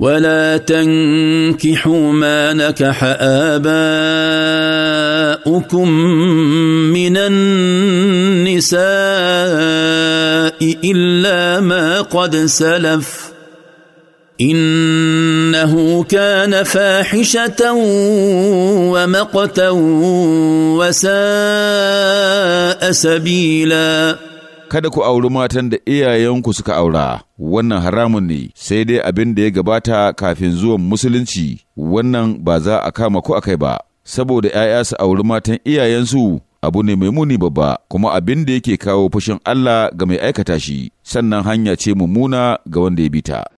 ولا تنكحوا ما نكح اباؤكم من النساء الا ما قد سلف انه كان فاحشه ومقتا وساء سبيلا kada ku auri matan da iyayenku suka aura, wannan haramun ne, sai dai abin da ya gabata kafin zuwan musulunci, wannan ba za a kama ku akai ba, saboda ‘ya'ya su auri matan iyayensu abu ne mai muni babba, kuma abin da yake kawo fushin Allah ga mai aikata shi, sannan hanya ce mummuna ga wanda ya bita.